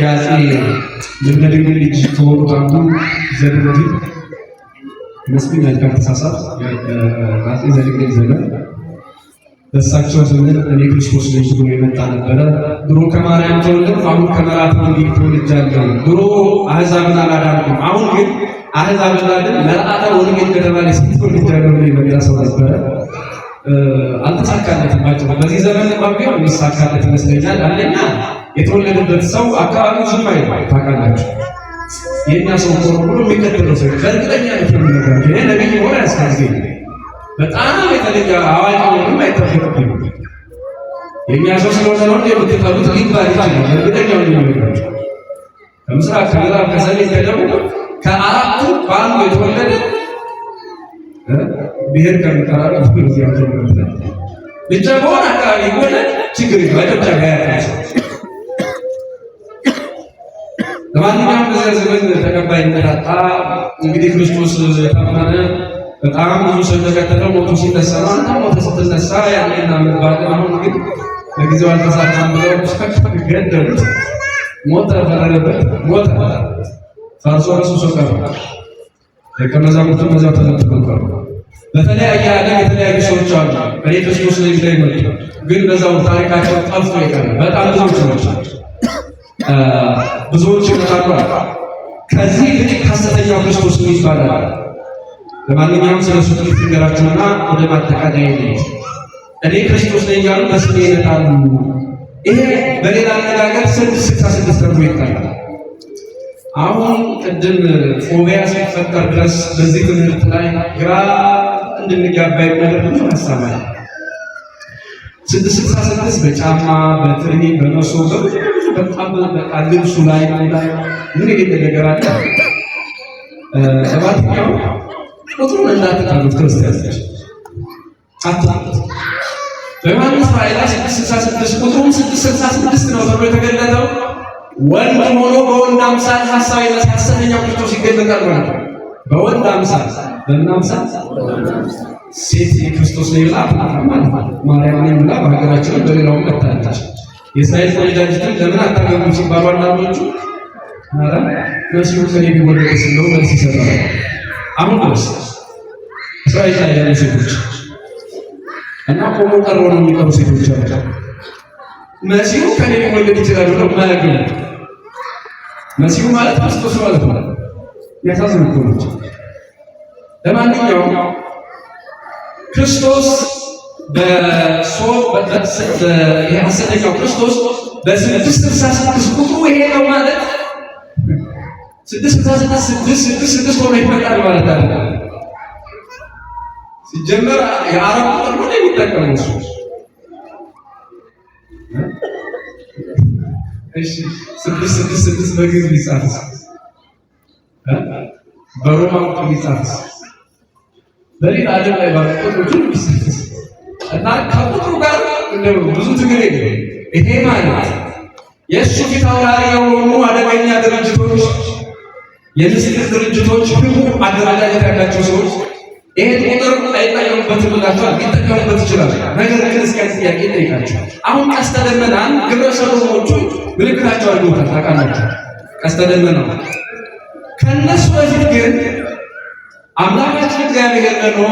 የአፄ ልብነድንግ ልጅ ከሆኑት አንዱ ዘድንግል ይመስለኛል ካልተሳሳት አፄ ዘድንግል ዘመን በእሳቸው ዘመን እኔ ክርስቶስ ልጅ ብሎ የመጣ ነበረ። ድሮ ከማርያም ተወልደ፣ አሁን ከመራት ወንጌል ተወልጃለሁ። ድሮ አህዛብን አላዳንኩም፣ አሁን ግን አህዛብን ላድን መርአተ ወንጌል ከተባለ ስንት ወልጃለሁ ብሎ የመጣ ሰው ነበረ። አልተሳካለትባቸው በዚህ ዘመን እንኳን የሚሳካለት ይመስለኛል። አንደኛ የተወለደበት ሰው አካባቢ ዝም አይባል ታውቃላችሁ። የእኛ ሰው ሆኖ ብሎ የሚከተለው ሰው በእርግጠኛ ነው። ይህ ነቢይ ሆነ ያስካዜ በጣም የተለየ አዋቂ ሆኑ አይጠበቅብኝ የእኛ ሰው ስለሆነ ነው የምትጠሉት ሊባል ይችላል። እርግጠኛ ነጋቸው ከምስራቅ ከምዕራብ ከሰሜን ከደቡብ ከአራቱ በአንዱ የተወለደ ብሄር ከምጠራ እዚያ ብቻ በሆነ አካባቢ ሆነ ችግር በደብጫ ጋር ለማንኛውም በዚያ ዘመን ተቀባይነት አጣ። እንግዲህ ክርስቶስ የታመነ በጣም ብዙ ሰው ተከተለ ሞቱ ሲነሳ አንተ ሞተ ስትነሳ ያለና ምባል አሁን ግን በጊዜው አልተሳካም ብለው ገደሉት። ሞተ፣ ፈረደበት፣ ሞተ ፈርሶ ረሱ ሰው ቀረ። ደቀ መዛሙርቱ መዛው ተመጥተው በተለያየ ዓለም የተለያዩ ሰዎች አሉ። በኢየሱስ ልጅ ላይ ነው ግን በዛው ታሪካቸው ጠፍቶ ይቀር በጣም ብዙዎች ናቸው። ብዙዎች ይመጣሉ። ከዚህ ልቅ ሐሰተኛው ክርስቶስ ነው ይባላል። ለማንኛውም ስለ እሱ ጥቂት ንገራችሁና ወደ ማጠቃለያ ነው። እኔ ክርስቶስ ነኝ ያሉ በስሜ ይመጣሉ። ይሄ በሌላ አነጋገር ስድስት ስልሳ ስድስት ተብሎ አሁን ቅድም ፎቢያ ሲፈጠር ድረስ በዚህ ትምህርት ላይ ግራ እንድንጋባ የሚያደርጉ ሀሳብ አለ። ስድስት ስልሳ ስድስት በጫማ በትሪ በመሶ በጣም በቃ ልብሱ ላይ ላይ ምን ይሄ ነገር አለ እባትኛው ቁጥሩን እንዳትጠሉት ክርስቲያኖች አትሉት። በዮሐንስ ራእይ ስድስት ስልሳ ስድስት ቁጥሩም ስድስት ስልሳ ስድስት ነው ተብሎ የተገለጠው ወንድ ሆኖ በወንድ አምሳል ሐሳብ የመሳሰለኛው ክርስቶስ ይገለጣል ማለት በወንድ አምሳል በምን አምሳል ሴት የክርስቶስ ሌላ ይላል ማለት ነው። ማርያም ነው በሀገራችን በሌላው መታለች። የእስራኤል ተወላጆችን ለምን አታገቡም ሲባሉ አንዳንዶቹ አረ መስሉ ከኔ ቢወደስ ነው መልስ ይሰጣል። አሁን ድረስ እስራኤል ላይ ያሉ ሴቶች እና ቆሞ ቀረው ነው የሚቀሩ ሴቶች አሉ መሲሁ ከኔ ሊወለድ ይችላል ብለው ማያገኙ መሲሁ ማለት ክርስቶስ ማለት ነው። ያሳዝን እኮ ነው። ለማንኛውም ክርስቶስ በሶ የሐሰተኛው ክርስቶስ በስድስት ስልሳ ስድስት ቁጥሩ ይሄ ነው ማለት ስድስት ስልሳ ስድስት ስድስት ስድስት ሆኖ ይመጣል ማለት አለ። ሲጀመር የአረብ ቁጥር ሆነ የሚጠቀሙ እሺ ስድስት ስድስት ስድስት በግዕዝ ቢጻፍስ በሮማን ቢጻፍስ በሌላ ዓለም ላይ ባሉ ቁጥሮች ቢጻፍስ እና ከቁጥሩ ጋር እንደው ብዙ ትግል የለም። ይሄ ማለት የእሱ ፊት አውራሪ የሆኑ አደገኛ ድርጅቶች፣ የምስጢር ድርጅቶች፣ ህቡ አደረጃጀት ያላቸው ሰዎች ይሄን ቁጥር አይጠቀሙበት ብላችኋል፣ ሊጠቀሙበት ይችላል። ነገር ግን እስኪ ጥያቄ ጠይቃችኋል። አሁን ቀስተ ደመናን ግብረ ሰዶሞቹ ምልክታቸው አድርገውታል። ታውቃላችሁ፣ ቀስተ ደመና ከእነሱ በፊት ግን አምላካችን እግዚአብሔር ደግሞ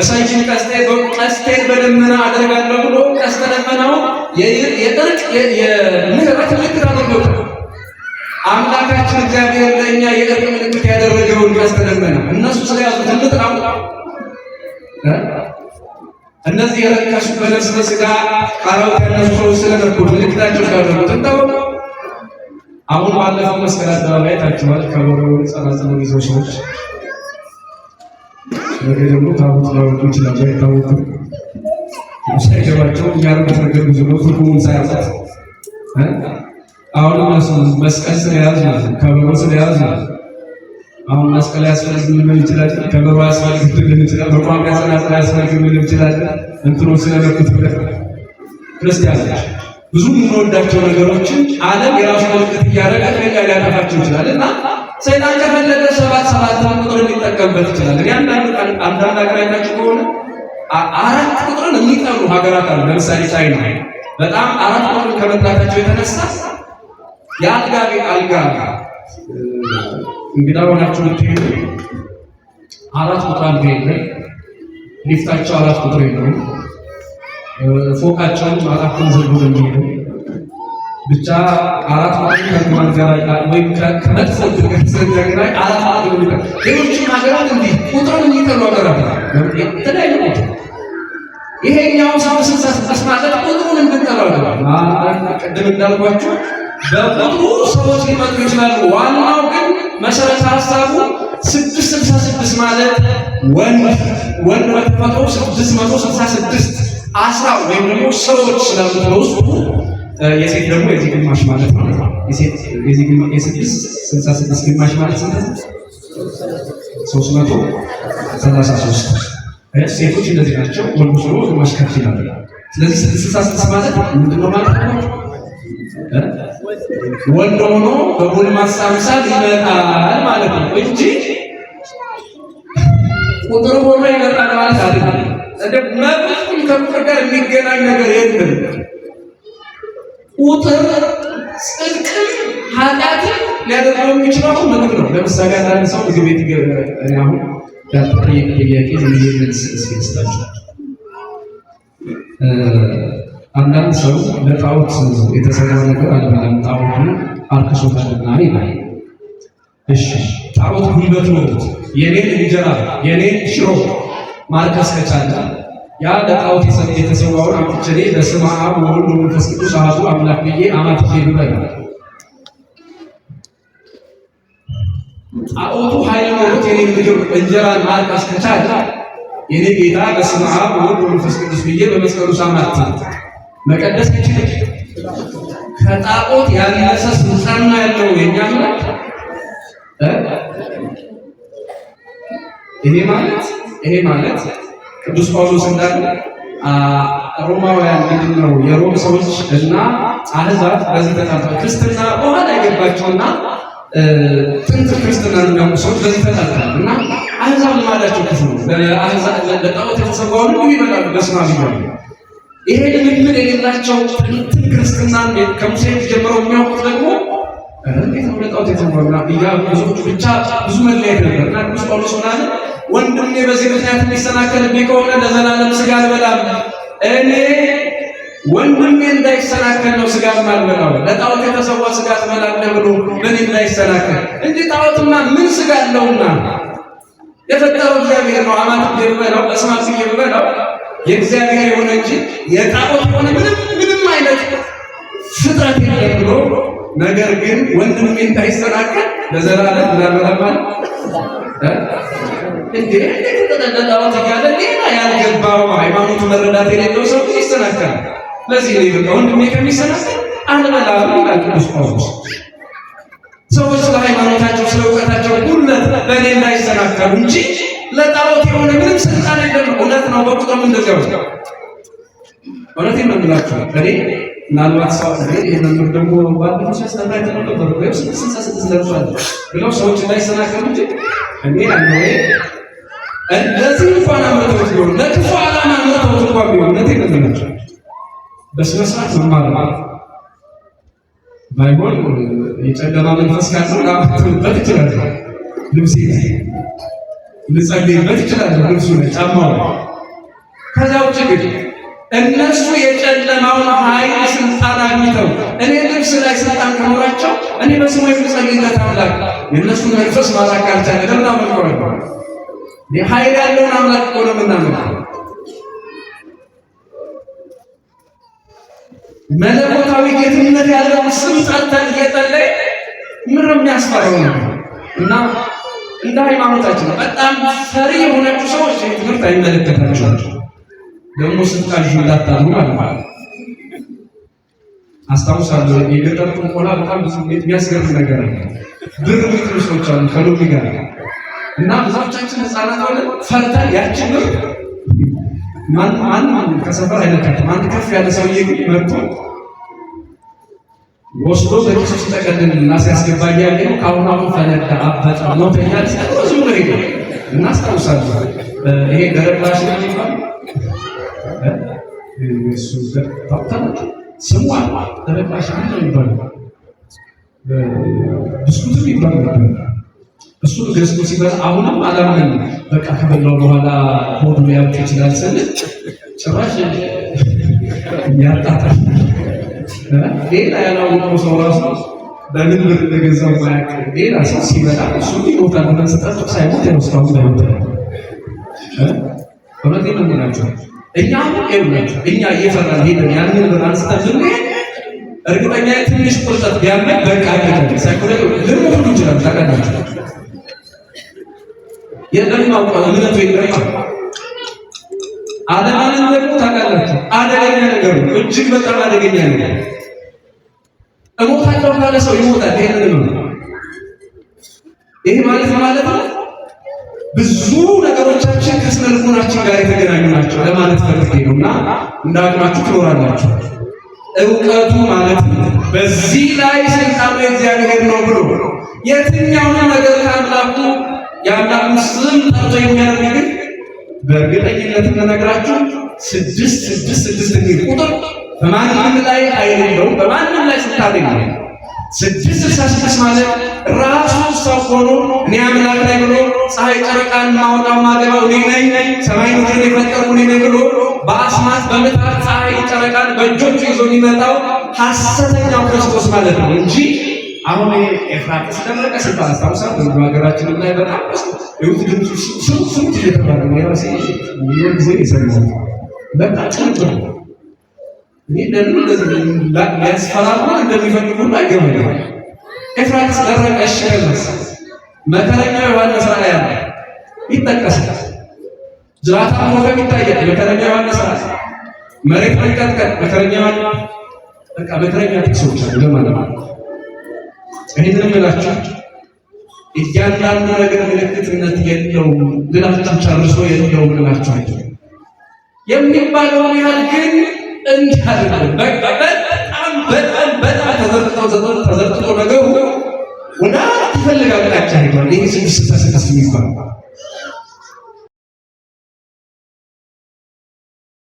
እሳችን ቀስቴን በደመና አደርጋለሁ ብሎ ቀስተ ደመናው የጥርቅ የምህረት ምልክት አድርገውታል። አምላካችን እግዚአብሔር ለእኛ የእርቅ ምልክት ያደረገውን ያስተለመነ እነሱ ስለያዙ ትልቅ ነው። እነዚህ የረካሽ በነፍስ በስጋ ካራውት ያነሱ ሰዎች ስለነኩ ምልክታቸው ካደረጉት እንደውም አሁን ባለፈው መስቀል አደባባይ ታችኋል። ከበሮ ጸናጽሎ ይዘው ሰዎች ነገ ደግሞ ታቦት ላወጡ ይችላሉ። አይታወቅም ሳይገባቸው እያረጉት ነገር ብዙ ነው። ትርጉሙን ሳያውቁት አሁንም መስቀል ስለያዝ ነው፣ ከበሮ ስለያዝ አሁን መስቀል ያስፈልግ ይችላል፣ ከበሮ ያስፈልግ ይችላል፣ በቋንቋ ጽናጽል ያስፈልግ ይችላል። እንትኖ ስለመክት ብለ ክርስቲያኖች ብዙ የምንወዳቸው ነገሮችን ዓለም የራሱ ምልክት እያደረገ ከኛ ሊያጠፋቸው ይችላል እና ሰይጣን ከፈለገ ሰባት ሰባት ቁጥር ሊጠቀምበት ይችላል። እኔ አንዳንድ ሀገር አይታችሁ ከሆነ አራት ቁጥርን የሚጠሩ ሀገራት አሉ። ለምሳሌ ቻይና በጣም አራት ቁጥርን ከመጥራታቸው የተነሳ የአጥጋቢ አልጋ እንግዳ ሆናችሁ ብትሄዱ አራት ቁጥር አልጋ የለም። ሊፍታቸው አራት ቁጥር የለውም። ፎቃቸውም አራቱን ዝርጉ የሚሄዱ ብቻ አራት ማለት ከግማን ጋር ይላል ወይም ከመጥፎ ድርገት ጋር አራት ማለት ይሆናል። ሌሎችም ሀገራት እንዲህ ቁጥርን የሚጠሉ ሀገራት የተለያዩ ቁጥር ይሄኛው ሰው ስንሰስጠስ ማለት ቁጥሩን እንድንጠላ ቅድም እንዳልኳቸው በቁጥሩ ሰዎች ሊመጡ ይችላሉ። ዋናው ግን መሰረተ ሀሳቡ ስድስት ስልሳ ስድስት ማለት ወንድ ወንድ በተፈጥሮ ስድስት መቶ ስልሳ ስድስት አስራ ወይም ደግሞ ሰዎች ስላሉ በውስጡ የሴት ደግሞ የዚህ ግማሽ ማለት ማለት ነው። የስድስት ስልሳ ስድስት ግማሽ ማለት ስንት? ሶስት መቶ ሰላሳ ሶስት ሴቶች እንደዚህ ናቸው። ወንዱ ደግሞ ግማሽ ከፍ ይላል። ስለዚህ ስድስት ስልሳ ስድስት ማለት ምንድነው ማለት ነው? ወንድ ሆኖ በጎልማሳ ምሳል ይመጣል ማለት ነው እንጂ ቁጥር ሆኖ ይመጣል ማለት አይደለም። እንደ መብቱን ከቁጥር ጋር የሚገናኝ ነገር የለም። ቁጥር ጽድቅም ኃጢአትም ሊያደርገው የሚችለው ምግብ ነው። ለምሳሌ አንዳንድ ሰው እዚህ ቤት ገበ አሁን ያጠየቅ ጥያቄ መልስ ስስታቸው አንዳንድ ሰው ለጣዖት የተሰራ ነገር አልበላም፣ ጣዖትን አርክሶታልና ይላል። እሺ ጣዖት ጉልበት ነው። የኔን እንጀራ የኔን ሽሮ ማርከስ ከቻለ ያ ለጣዖት የተሰዋውን አምጥቼ በስመ አብ ወወልድ ወመንፈስ ቅዱስ አሐዱ አምላክ ብዬ አማትቼ ልበል። ጣዖቱ ኃይል ኖሮት የኔን ምግብ እንጀራን ማርከስ ከቻለ የኔ ጌታ በስመ አብ ወወልድ ወመንፈስ ቅዱስ ብዬ በመስቀሉ ሳማት መቀደስ ይችላል። ከጣዖት ያነሰ ስልጣን ያለው የኛ ይሄ ማለት ይሄ ማለት ቅዱስ ጳውሎስ እንዳለ ሮማውያን ምንድን ነው የሮም ሰዎች እና አህዛብ በዚህ ተጣልተዋል። ክርስትና በኋላ የገባቸውና ጥንት ክርስትና የሚያውቁ ሰዎች በዚህ ተጣልተዋል እና አህዛብ ልማዳቸው ክፉ ነው። ለጣዖት የተሰዋውን ይበላሉ በስማ ቢሆን ይሄ ልምምድ የሌላቸው እንትን ክርስትና ከሙሴ ጀምረው የሚያውቁት ደግሞ እንዴት ነው ለጣዖት የተሞላ እያሉ ብዙዎች ብቻ ብዙ መለያየት ነበር እና ቅዱስ ጳውሎስ ምናለ ወንድሜ በዚህ ምክንያት የሚሰናከልብኝ ከሆነ ለዘላለም ስጋ አልበላም። እኔ ወንድሜ እንዳይሰናከል ነው ስጋ ማልበላው። ለጣዖት የተሰዋ ስጋ ትበላለህ ብሎ እኔ እንዳይሰናከል እንጂ ጣዖትማ ምን ስጋ አለውና? የፈጠረው እግዚአብሔር ነው። አማት ብዬ ብበላው፣ በስማት ብበላው የእግዚአብሔር የሆነ እንጂ የጣዖት የሆነ ምንም ምንም አይነት ፍጥረት የለም ብሎ ነገር ግን ወንድም እንዳይሰናከል ለዘላለም ላመራማል እንዴ ለጣዖት እያለ ሌላ ያልገባው ሃይማኖት መረዳት የሌለው ሰው ይሰናከል። ለዚህ ነው ይበቃ ወንድሜ ከሚሰናከል አልበላም ይላል ቅዱስ ጳውሎስ። ሰዎች ስለ ሃይማኖታቸው ስለ እውቀታቸው ሁለት በእኔ እንዳይሰናከሉ እንጂ ለጣዖት የሆነ ምንም ስልጣን የለም። እውነት ነው። በቁጥርም እንደዚያ እውነት ነው የምላችሁ እኔ ምናልባት ሰው መምህር ደግሞ ባለፈው ስልሳ ስድስት ለብሷል ብለው ሰዎች እንዳይሰናከሉ እንጂ እኔ አንዴ እንደዚህ እንኳን አምርተውት ቢሆን ለክፉ ዓላማ አምርተውት እንኳን ቢሆን እውነቴን ነው በስነ ስርዓት መማር ማለት ባይሆን የጨለማ መንፈስ ካለው ላትበት ይችላል ልብሴ ልጸልይበት ይችላል። ልብሱ ጫማው ከዛ ውጭ ግን እነሱ የጨለማውን ኃይል ስልጣን አግኝተው እኔ ልብስ ላይ ስልጣን ከኖራቸው እኔ በስሙ የምጸልይበት አምላክ የእነሱን መንፈስ ማራቅ ካልቻለ ለምን አመልከዋል? ኃይል ያለውን አምላክ እኮ ነው መለኮታዊ ጌትነት ያለውን ስም ጸልተን እየጸለይ ምር የሚያስፈራው ነው እና እንደ ሃይማኖታችን በጣም ሰሪ የሆነች ሰዎች ትምህርት አይመለከታቸዋቸው። ደግሞ ስትቃዡ እንዳታሉ ማለት ማለት አስታውሳለሁ። የገጠር ጥንቆላ በጣም ብዙ የሚያስገርም ነገር ነው። ብር ሚጥሩ ሰዎች አሉ ከሎሚ ጋር እና ብዙዎቻችን ህፃናት ሆነ ፈርተን ያችን ብር ማን ማን ከሰፈር አይለካትም። አንድ ከፍ ያለ ሰውዬ ግን መርቶ ወስዶ በኪሱ ሲጠቀልል እና ሲያስገባ እያለ ነው። ከአሁኑ አሁን ፈነዳ አበጠ ሞተኛ ብዙ ምሪ ነው እናስታውሳለን። ይሄ ገረባሽ ገረባሽ ነው ይባል ነበር። እሱን ገዝቶ አሁንም አላምን። በቃ ከበላው በኋላ ሆዱ ሊያውቅ ይችላል ስል ጭራሽ ያጣጣል ሌላ ያላወቀው ሰው ራሱ በምን ብር እንደገዛ ማያቅ ሌላ ሰው ሲመጣ እሱ ይሞታል ብለን ሳይሞት ያው እውነት ነው የምላቸው። እኛ ሁላቸው እኛ እየፈራን ሄደን ያንን ብር አንስተን ብንሄድ እርግጠኛ ትንሽ ቁርጠት ቢያመኝ በቃ ሳይኮላ ልሞቱ ይችላል። ታውቃላችሁ የለም እምነቱ የለም አለማመን ደግሞ ታውቃላችሁ አደገኛ ነገር ነው። እጅግ በጣም አደገኛ ነው። እሞታለሁ ካለ ሰው ይሞታል። ይሄንን ነው ይሄ ማለት ማለት ነው። ብዙ ነገሮቻችን ከስነ ልቦናችን ጋር የተገናኙ ናቸው ለማለት ፈልጌ ነው። እና እንዳቅማችሁ ትኖራላችሁ። እውቀቱ ማለት በዚህ ላይ ስልጣኑ የእግዚአብሔር ነው ብሎ የትኛውን ነገር ከአምላኩ የአምላኩ ስም ጠርቶ የሚያደርግ በእርግጠኝነት የምነግራችሁ ስድስት ስድስት ስድስት የሚል ቁጥር በማንም ላይ አይደለውም። በማንም ላይ ስታገኝ ስድስት ስልሳ ስድስት ማለት ራሱ ሰው ሆኖ እኔ አምላክ ላይ ብሎ ፀሐይ ጨረቃን ማውጣው ማገባው እኔ ነኝ፣ ሰማይ ምድርን የፈጠሩ እኔ ነኝ ብሎ በአስማት በምታት ፀሐይ ጨረቃን በእጆቹ ይዞ የሚመጣው ሐሰተኛው ክርስቶስ ማለት ነው እንጂ አሁን ኤፍራጥስ ደረቀ ሲባል አስታውሳል። በብዙ ሀገራችን ላይ በጣም ይሁት ድምፁ ስንት እየተባለ ነው የራሴ ሚሊዮን ጊዜ ይሰማል። በቃ ጭንጭ ይህ ደግሞ ሊያስፈራሩ እንደሚፈልጉ አይገመል። ኤፍራጥስ ደረቀ ሽመስ መከረኛው ዮሐንስ ራእይ ያለ ይጠቀሳል። ጅራታም ወገብ ይታያል። መከረኛ ዮሐንስ ራእይ መሬት መንቀጥቀጥ መከረኛ በቃ መከረኛ ጥቅሶች አሉ ለማለት ነው እኔ ምን እላችሁ እያንዳንዱ ነገር ምልክትነት የለውም ልላችሁ ጨርሶ የለውም ልላችሁ አይ የሚባለውን ያህል ግን እንዲያል በጣም በጣም በጣም ተዘርጥቶ ተዘርጥቶ ነገሩ ወደ አልተፈለገ አቅጣጫ ይሄ ስድስት ስድስት የሚባለው